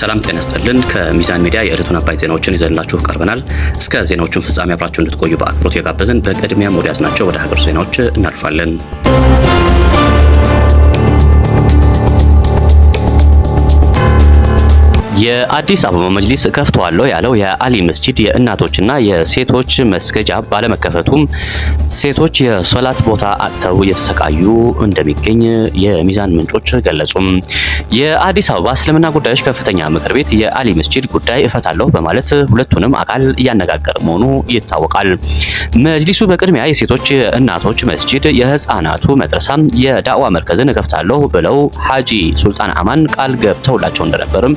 ሰላም ጤና ይስጥልን። ከሚዛን ሚዲያ የዕለቱን አባይ ዜናዎችን ይዘንላችሁ ቀርበናል። እስከ ዜናዎቹን ፍጻሜ አብራችሁ እንድትቆዩ በአክብሮት የጋበዝን። በቅድሚያም ወደ ያዝናቸው ወደ ሀገር ዜናዎች እናልፋለን። የአዲስ አበባ መጅሊስ ከፍተዋለሁ ያለው የአሊ መስጂድ የእናቶችና የሴቶች መስገጃ ባለመከፈቱም ሴቶች የሶላት ቦታ አጥተው እየተሰቃዩ እንደሚገኝ የሚዛን ምንጮች ገለጹም። የአዲስ አበባ እስልምና ጉዳዮች ከፍተኛ ምክር ቤት የአሊ መስጂድ ጉዳይ እፈታለሁ በማለት ሁለቱንም አካል እያነጋገረ መሆኑ ይታወቃል። መጅሊሱ በቅድሚያ የሴቶች እናቶች መስጂድ፣ የህፃናቱ መድረሳ፣ የዳዋ መርከዝን እከፍታለሁ ብለው ሀጂ ሱልጣን አማን ቃል ገብተውላቸው እንደነበርም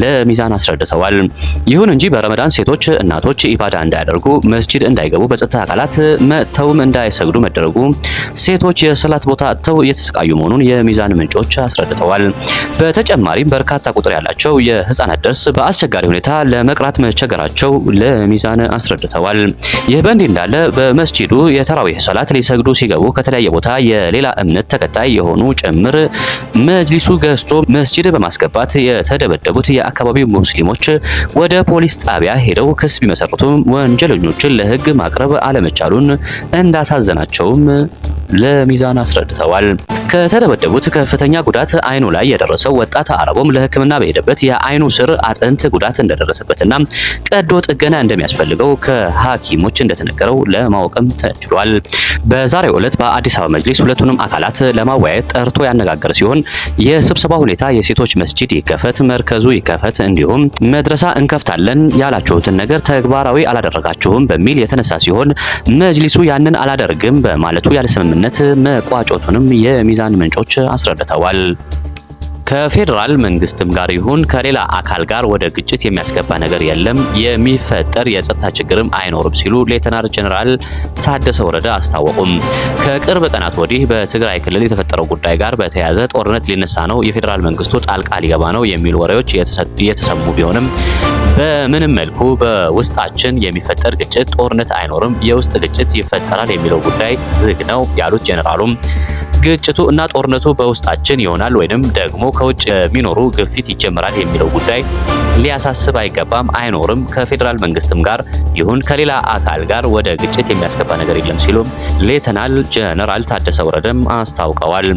ለሚዛን አስረድተዋል። ይሁን እንጂ በረመዳን ሴቶች እናቶች ኢባዳ እንዳያደርጉ መስጂድ እንዳይገቡ በጸጥታ አካላት መጥተውም እንዳይሰግዱ መደረጉ ሴቶች የሰላት ቦታ አጥተው እየተሰቃዩ መሆኑን የሚዛን ምንጮች አስረድተዋል። በተጨማሪም በርካታ ቁጥር ያላቸው የህፃናት ደርስ በአስቸጋሪ ሁኔታ ለመቅራት መቸገራቸው ለሚዛን አስረድተዋል። ይህ በእንዲህ እንዳለ በመስጂዱ የተራዊህ ሰላት ሊሰግዱ ሲገቡ ከተለያየ ቦታ የሌላ እምነት ተከታይ የሆኑ ጭምር መጅሊሱ ገዝቶ መስጂድ በማስገባት የተደበደቡት የአካባቢው ሙስሊሞች ወደ ፖሊስ ጣቢያ ሄደው ክስ ቢመሰርቱም ወንጀለኞችን ለህግ ማቅረብ አለመቻሉን እንዳሳዘናቸውም ለሚዛን አስረድተዋል። ከተደበደቡት ከፍተኛ ጉዳት አይኑ ላይ የደረሰው ወጣት አረቦም ለሕክምና በሄደበት የአይኑ ስር አጥንት ጉዳት እንደደረሰበትና ቀዶ ጥገና እንደሚያስፈልገው ከሐኪሞች እንደተነገረው ለማወቅም ተችሏል። በዛሬው ዕለት በአዲስ አበባ መጅሊስ ሁለቱንም አካላት ለማወያየት ጠርቶ ያነጋገረ ሲሆን የስብሰባ ሁኔታ የሴቶች መስጂድ ይከፈት፣ መርከዙ ይከፈት፣ እንዲሁም መድረሳ እንከፍታለን ያላችሁትን ነገር ተግባራዊ አላደረጋችሁም በሚል የተነሳ ሲሆን መጅሊሱ ያንን አላደርግም በማለቱ ያለስምምነት ስምምነት መቋጮቱንም የሚዛን ምንጮች አስረድተዋል። ከፌዴራል መንግስትም ጋር ይሁን ከሌላ አካል ጋር ወደ ግጭት የሚያስገባ ነገር የለም፣ የሚፈጠር የጸጥታ ችግርም አይኖርም ሲሉ ሌተናር ጀኔራል ታደሰ ወረደ አስታወቁም። ከቅርብ ቀናት ወዲህ በትግራይ ክልል የተፈጠረው ጉዳይ ጋር በተያያዘ ጦርነት ሊነሳ ነው፣ የፌዴራል መንግስቱ ጣልቃ ሊገባ ነው የሚሉ ወሬዎች እየተሰሙ ቢሆንም በምንም መልኩ በውስጣችን የሚፈጠር ግጭት ጦርነት አይኖርም፣ የውስጥ ግጭት ይፈጠራል የሚለው ጉዳይ ዝግ ነው ያሉት ጄኔራሉም ግጭቱ እና ጦርነቱ በውስጣችን ይሆናል ወይንም ደግሞ ከውጭ የሚኖሩ ግፊት ይጀምራል የሚለው ጉዳይ ሊያሳስብ አይገባም፣ አይኖርም። ከፌዴራል መንግስትም ጋር ይሁን ከሌላ አካል ጋር ወደ ግጭት የሚያስገባ ነገር የለም ሲሉ ሌተናል ጀነራል ታደሰ ወረደም አስታውቀዋል።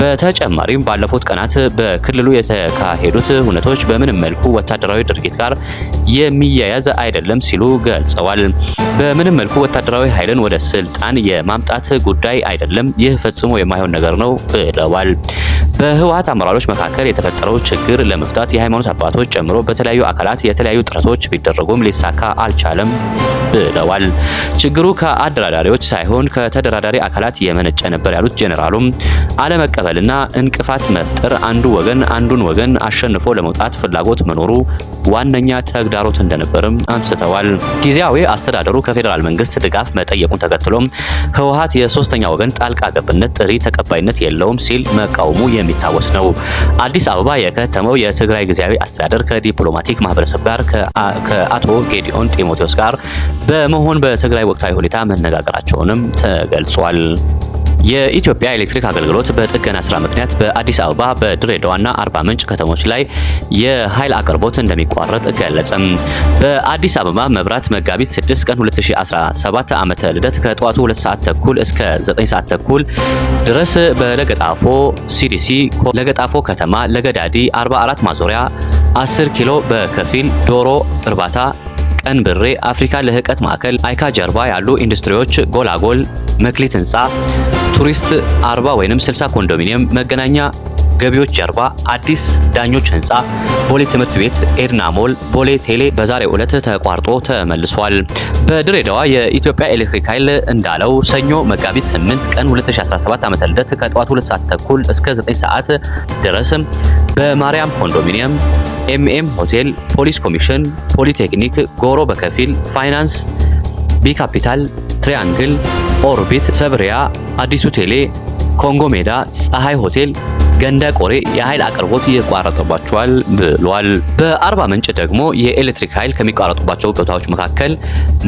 በተጨማሪም ባለፉት ቀናት በክልሉ የተካሄዱት ሁነቶች በምንም መልኩ ወታደራዊ ድርጊት ጋር የሚያያዝ አይደለም ሲሉ ገልጸዋል። በምንም መልኩ ወታደራዊ ኃይልን ወደ ስልጣን የማምጣት ጉዳይ አይደለም፣ ይህ ፈጽሞ የማይሆን ነገር ነው ብለዋል። በህወሀት አመራሮች መካከል የተፈጠረው ችግር ለመፍታት የሃይማኖት አባቶች ጨምሮ በተለያዩ አካላት የተለያዩ ጥረቶች ቢደረጉም ሊሳካ አልቻለም ብለዋል። ችግሩ ከአደራዳሪዎች ሳይሆን ከተደራዳሪ አካላት የመነጨ ነበር ያሉት ጄኔራሉም አለመቀበልና እንቅፋት መፍጠር አንዱ ወገን አንዱን ወገን አሸንፎ ለመውጣት ፍላጎት መኖሩ ዋነኛ ተግዳሮት እንደነበርም አንስተዋል። ጊዜያዊ አስተዳደሩ ከፌዴራል መንግስት ድጋፍ መጠየቁን ተከትሎም ህወሀት የሶስተኛ ወገን ጣልቃ ገብነት ጥሪ ተቀባይነት የለውም ሲል መቃወሙ የሚታወስ ነው። አዲስ አበባ የከተመው የትግራይ ጊዜያዊ አስተዳደር ከዲፕሎማቲክ ማህበረሰብ ጋር ከአቶ ጌዲዮን ጢሞቴዎስ ጋር በመሆን በትግራይ ወቅታዊ ሁኔታ መነጋገራቸውንም ተገልጿል። የኢትዮጵያ ኤሌክትሪክ አገልግሎት በጥገና ስራ ምክንያት በአዲስ አበባ በድሬዳዋና አርባ ምንጭ ከተሞች ላይ የኃይል አቅርቦት እንደሚቋረጥ ገለጸም። በአዲስ አበባ መብራት መጋቢት 6 ቀን 2017 ዓመተ ልደት ከጠዋቱ 2 ሰዓት ተኩል እስከ 9 ሰዓት ተኩል ድረስ በለገጣፎ ሲዲሲ፣ ለገጣፎ ከተማ፣ ለገዳዲ 44 ማዞሪያ 10 ኪሎ በከፊል ዶሮ እርባታ ቀን ብሬ አፍሪካ ለህቀት ማዕከል አይካ ጀርባ ያሉ ኢንዱስትሪዎች ጎላጎል መክሊት ህንፃ ቱሪስት 40 ወይም 60 ኮንዶሚኒየም፣ መገናኛ ገቢዎች ጀርባ አዲስ ዳኞች ህንፃ፣ ቦሌ ትምህርት ቤት፣ ኤድና ሞል፣ ቦሌ ቴሌ በዛሬ ዕለት ተቋርጦ ተመልሷል። በድሬዳዋ የኢትዮጵያ ኤሌክትሪክ ኃይል እንዳለው ሰኞ መጋቢት 8 ቀን 2017 ዓ.ም ከጠዋት 2 ሰዓት ተኩል እስከ 9 ሰዓት ድረስ በማርያም ኮንዶሚኒየም፣ ኤምኤም ሆቴል፣ ፖሊስ ኮሚሽን፣ ፖሊቴክኒክ፣ ጎሮ በከፊል ፋይናንስ፣ ቢ ካፒታል፣ ትሪያንግል ኦርቢት፣ ሰብሪያ፣ አዲሱ ቴሌ፣ ኮንጎ ሜዳ፣ ፀሐይ ሆቴል ገንዳ ቆሬ የኃይል አቅርቦት ይቋረጥባቸዋል ብሏል። በአርባ ምንጭ ደግሞ የኤሌክትሪክ ኃይል ከሚቋረጡባቸው ቦታዎች መካከል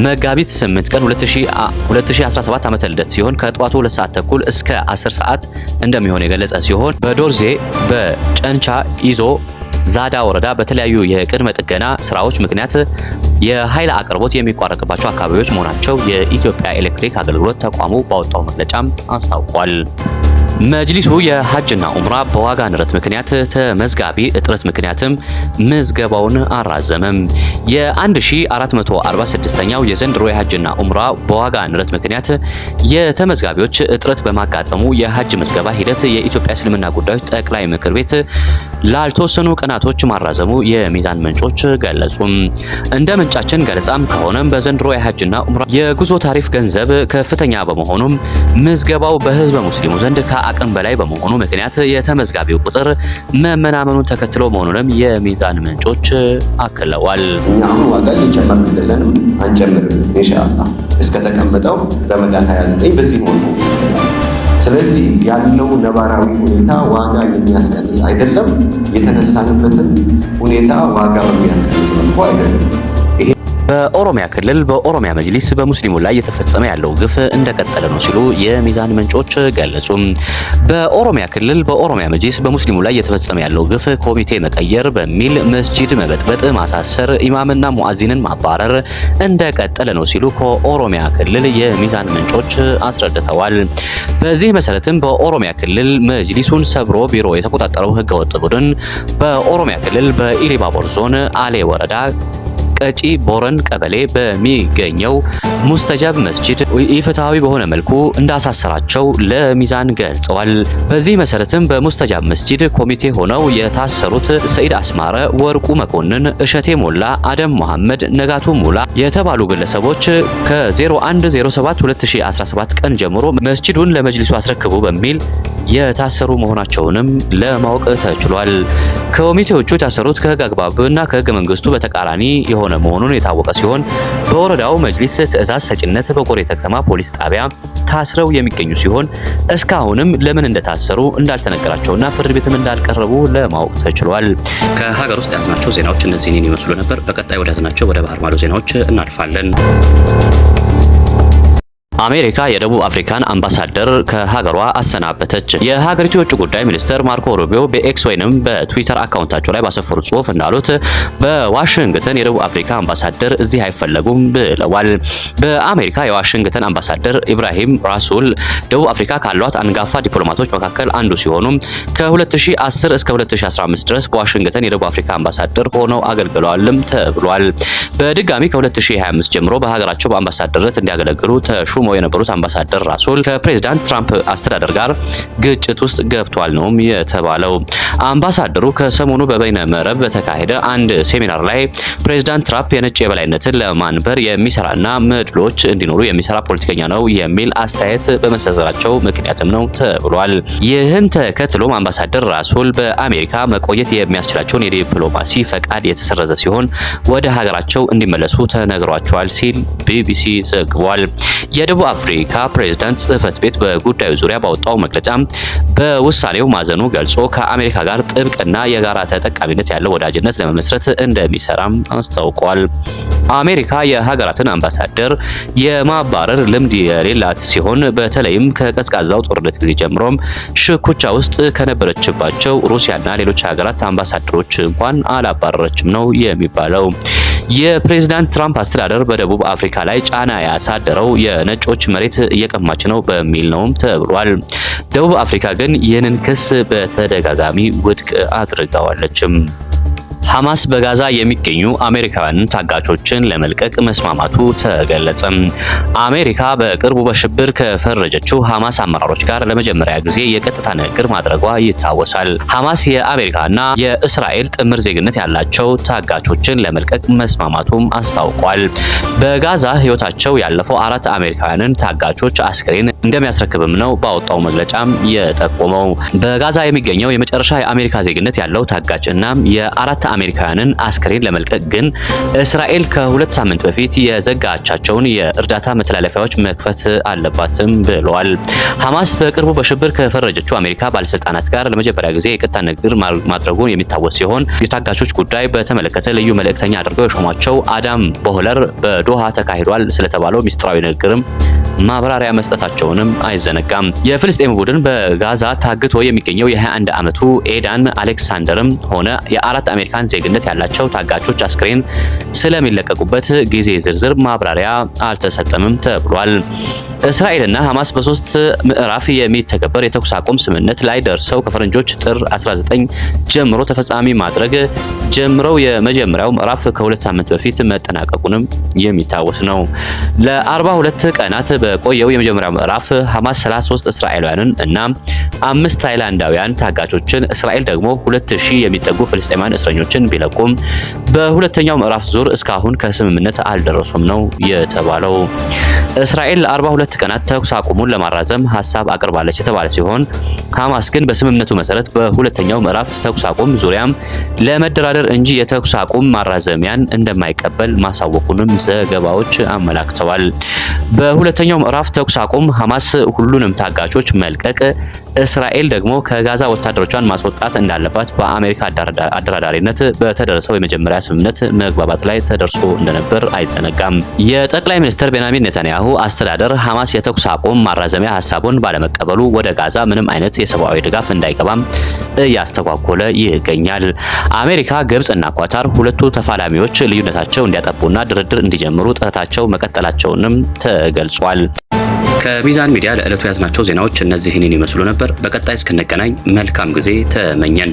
መጋቢት 8 ቀን 2017 ዓመተ ልደት ሲሆን ከጠዋቱ 2 ሰዓት ተኩል እስከ 10 ሰዓት እንደሚሆን የገለጸ ሲሆን በዶርዜ በጨንቻ ይዞ ዛዳ ወረዳ በተለያዩ የቅድመ ጥገና ስራዎች ምክንያት የኃይል አቅርቦት የሚቋረጥባቸው አካባቢዎች መሆናቸው የኢትዮጵያ ኤሌክትሪክ አገልግሎት ተቋሙ ባወጣው መግለጫም አስታውቋል። መጅሊሱ የሐጅና ኡምራ በዋጋ ንረት ምክንያት ተመዝጋቢ እጥረት ምክንያትም ምዝገባውን አራዘመም። የ1446ኛው የዘንድሮ የሐጅና ኡምራ በዋጋ ንረት ምክንያት የተመዝጋቢዎች እጥረት በማጋጠሙ የሐጅ ምዝገባ ሂደት የኢትዮጵያ እስልምና ጉዳዮች ጠቅላይ ምክር ቤት ላልተወሰኑ ቀናቶች ማራዘሙ የሚዛን ምንጮች ገለጹም። እንደ ምንጫችን ገለጻም ከሆነም በዘንድሮ የሐጅና ኡምራ የጉዞ ታሪፍ ገንዘብ ከፍተኛ በመሆኑም ምዝገባው በህዝበ ሙስሊሙ ዘንድ ከ አቅም በላይ በመሆኑ ምክንያት የተመዝጋቢው ቁጥር መመናመኑን ተከትሎ መሆኑንም የሚዛን ምንጮች አክለዋል። እኛ አሁን ዋጋ እየጨመርንለንም አንጨምርም ኢንሻአላ እስከተቀመጠው ረመዳን 29 በዚህ ሆኖ ስለዚህ ያለው ነባራዊ ሁኔታ ዋጋ የሚያስቀንስ አይደለም። የተነሳንበትም ሁኔታ ዋጋ የሚያስቀንስ መልኩ አይደለም። በኦሮሚያ ክልል በኦሮሚያ መጅሊስ በሙስሊሙ ላይ እየተፈጸመ ያለው ግፍ እንደቀጠለ ነው ሲሉ የሚዛን ምንጮች ገለጹ። በኦሮሚያ ክልል በኦሮሚያ መጅሊስ በሙስሊሙ ላይ እየተፈጸመ ያለው ግፍ ኮሚቴ መቀየር በሚል መስጂድ መበጥበጥ፣ ማሳሰር፣ ኢማምና ሙአዚንን ማባረር እንደቀጠለ ነው ሲሉ ከኦሮሚያ ክልል የሚዛን ምንጮች አስረድተዋል። በዚህ መሰረትም በኦሮሚያ ክልል መጅሊሱን ሰብሮ ቢሮ የተቆጣጠረው ህገወጥ ቡድን በኦሮሚያ ክልል በኢሊባቦር ዞን አሌ ወረዳ ቀጪ ቦረን ቀበሌ በሚገኘው ሙስተጃብ መስጂድ ኢፍትሐዊ በሆነ መልኩ እንዳሳሰራቸው ለሚዛን ገልጸዋል። በዚህ መሰረትም በሙስተጃብ መስጂድ ኮሚቴ ሆነው የታሰሩት ሰኢድ አስማረ፣ ወርቁ መኮንን፣ እሸቴ ሞላ፣ አደም መሐመድ፣ ነጋቱ ሙላ የተባሉ ግለሰቦች ከ 01072017 ቀን ጀምሮ መስጂዱን ለመጅሊሱ አስረክቡ በሚል የታሰሩ መሆናቸውንም ለማወቅ ተችሏል። ኮሚቴዎቹ የታሰሩት ከህግ አግባብና ከህገ መንግስቱ በተቃራኒ የሆነ የሆነ መሆኑን የታወቀ ሲሆን በወረዳው መጅሊስ ትዕዛዝ ሰጭነት በቆሬ ከተማ ፖሊስ ጣቢያ ታስረው የሚገኙ ሲሆን እስካሁንም ለምን እንደታሰሩ እንዳልተነገራቸውና ፍርድ ቤትም እንዳልቀረቡ ለማወቅ ተችሏል። ከሀገር ውስጥ የያዝናቸው ዜናዎች እነዚህን ይመስሉ ነበር። በቀጣይ ወደ ያዝናቸው ወደ ባህር ማዶ ዜናዎች እናልፋለን። አሜሪካ የደቡብ አፍሪካን አምባሳደር ከሀገሯ አሰናበተች። የሀገሪቱ የውጭ ጉዳይ ሚኒስትር ማርኮ ሩቢዮ በኤክስ ወይንም በትዊተር አካውንታቸው ላይ ባሰፈሩ ጽሁፍ እንዳሉት በዋሽንግተን የደቡብ አፍሪካ አምባሳደር እዚህ አይፈለጉም ብለዋል። በአሜሪካ የዋሽንግተን አምባሳደር ኢብራሂም ራሱል ደቡብ አፍሪካ ካሏት አንጋፋ ዲፕሎማቶች መካከል አንዱ ሲሆኑ ከ2010 እስከ 2015 ድረስ በዋሽንግተን የደቡብ አፍሪካ አምባሳደር ሆነው አገልግለዋልም ተብሏል። በድጋሚ ከ2025 ጀምሮ በሀገራቸው በአምባሳደርነት እንዲያገለግሉ ተሹ ቆመው የነበሩት አምባሳደር ራሱል ከፕሬዝዳንት ትራምፕ አስተዳደር ጋር ግጭት ውስጥ ገብቷል ነው የተባለው። አምባሳደሩ ከሰሞኑ በበይነ መረብ በተካሄደ አንድ ሴሚናር ላይ ፕሬዝዳንት ትራምፕ የነጭ የበላይነትን ለማንበር የሚሰራና መድሎች እንዲኖሩ የሚሰራ ፖለቲከኛ ነው የሚል አስተያየት በመሰንዘራቸው ምክንያትም ነው ተብሏል። ይህን ተከትሎም አምባሳደር ራሱል በአሜሪካ መቆየት የሚያስችላቸውን የዲፕሎማሲ ፈቃድ የተሰረዘ ሲሆን ወደ ሀገራቸው እንዲመለሱ ተነግሯቸዋል ሲል ቢቢሲ ዘግቧል። የደቡብ አፍሪካ ፕሬዝዳንት ጽህፈት ቤት በጉዳዩ ዙሪያ ባወጣው መግለጫ በውሳኔው ማዘኑ ገልጾ ከአሜሪካ ጋር ጥብቅና የጋራ ተጠቃሚነት ያለው ወዳጅነት ለመመስረት እንደሚሰራም አስታውቋል። አሜሪካ የሀገራትን አምባሳደር የማባረር ልምድ የሌላት ሲሆን በተለይም ከቀዝቃዛው ጦርነት ጊዜ ጀምሮም ሽኩቻ ውስጥ ከነበረችባቸው ሩሲያና ሌሎች ሀገራት አምባሳደሮች እንኳን አላባረረችም ነው የሚባለው። የፕሬዝዳንት ትራምፕ አስተዳደር በደቡብ አፍሪካ ላይ ጫና ያሳደረው የነጮች መሬት እየቀማች ነው በሚል ነውም ተብሏል። ደቡብ አፍሪካ ግን ይህንን ክስ በተደጋጋሚ ውድቅ አድርጋዋለችም። ሐማስ በጋዛ የሚገኙ አሜሪካውያን ታጋቾችን ለመልቀቅ መስማማቱ ተገለጸ። አሜሪካ በቅርቡ በሽብር ከፈረጀችው ሐማስ አመራሮች ጋር ለመጀመሪያ ጊዜ የቀጥታ ንግግር ማድረጓ ይታወሳል። ሐማስ የአሜሪካና የእስራኤል ጥምር ዜግነት ያላቸው ታጋቾችን ለመልቀቅ መስማማቱም አስታውቋል። በጋዛ ሕይወታቸው ያለፈው አራት አሜሪካውያንን ታጋቾች አስክሬን እንደሚያስረክብም ነው ባወጣው መግለጫም የጠቆመው። በጋዛ የሚገኘው የመጨረሻ የአሜሪካ ዜግነት ያለው ታጋጭ እናም የአራት አሜሪካውያንን አስክሬን ለመልቀቅ ግን እስራኤል ከሁለት ሳምንት በፊት የዘጋቻቸውን የእርዳታ መተላለፊያዎች መክፈት አለባትም ብለዋል። ሐማስ በቅርቡ በሽብር ከፈረጀችው አሜሪካ ባለስልጣናት ጋር ለመጀመሪያ ጊዜ የቀጥታ ንግግር ማድረጉን የሚታወስ ሲሆን የታጋቾች ጉዳይ በተመለከተ ልዩ መልእክተኛ አድርገው የሾሟቸው አዳም ቦህለር በዶሃ ተካሂዷል ስለተባለው ሚስጥራዊ ንግግርም ማብራሪያ መስጠታቸውንም አይዘነጋም። የፍልስጤም ቡድን በጋዛ ታግቶ የሚገኘው የ21 ዓመቱ ኤዳን አሌክሳንደርም ሆነ የአራት አሜሪካን ዜግነት ያላቸው ታጋቾች አስክሬን ስለሚለቀቁበት ጊዜ ዝርዝር ማብራሪያ አልተሰጠምም ተብሏል። እስራኤልና ሐማስ በሶስት ምዕራፍ የሚተገበር የተኩስ አቁም ስምምነት ላይ ደርሰው ከፈረንጆች ጥር 19 ጀምሮ ተፈጻሚ ማድረግ ጀምረው የመጀመሪያው ምዕራፍ ከሁለት ሳምንት በፊት መጠናቀቁንም የሚታወስ ነው። ለ42 ቀናት በቆየው የመጀመሪያው ምዕራፍ ሐማስ 33 እስራኤላውያንን እና አምስት ታይላንዳውያን ታጋቾችን እስራኤል ደግሞ 2000 የሚጠጉ ፍልስጤማውያን እስረኞችን ቢለቁም በሁለተኛው ምዕራፍ ዙር እስካሁን ከስምምነት አልደረሱም ነው የተባለው። እስራኤል 42 ለሁለት ቀናት ተኩስ አቁሙን ለማራዘም ሀሳብ አቅርባለች የተባለ ሲሆን ሐማስ ግን በስምምነቱ መሰረት በሁለተኛው ምዕራፍ ተኩስ አቁም ዙሪያም ለመደራደር እንጂ የተኩስ አቁም ማራዘሚያን እንደማይቀበል ማሳወቁንም ዘገባዎች አመላክተዋል። በሁለተኛው ምዕራፍ ተኩስ አቁም ሐማስ ሁሉንም ታጋቾች መልቀቅ እስራኤል ደግሞ ከጋዛ ወታደሮቿን ማስወጣት እንዳለባት በአሜሪካ አደራዳሪነት በተደረሰው የመጀመሪያ ስምምነት መግባባት ላይ ተደርሶ እንደነበር አይዘነጋም። የጠቅላይ ሚኒስትር ቤንያሚን ኔታንያሁ አስተዳደር ሐማስ የተኩስ አቁም ማራዘሚያ ሀሳቡን ባለመቀበሉ ወደ ጋዛ ምንም አይነት የሰብአዊ ድጋፍ እንዳይገባም እያስተጓጎለ ይገኛል። አሜሪካ፣ ግብጽ እና ኳታር ሁለቱ ተፋላሚዎች ልዩነታቸው እንዲያጠቡና ድርድር እንዲጀምሩ ጥረታቸው መቀጠላቸውንም ተገልጿል። ከሚዛን ሚዲያ ለዕለቱ ያዝናቸው ዜናዎች እነዚህን ይመስሉ ነበር። በቀጣይ እስክንገናኝ መልካም ጊዜ ተመኘን።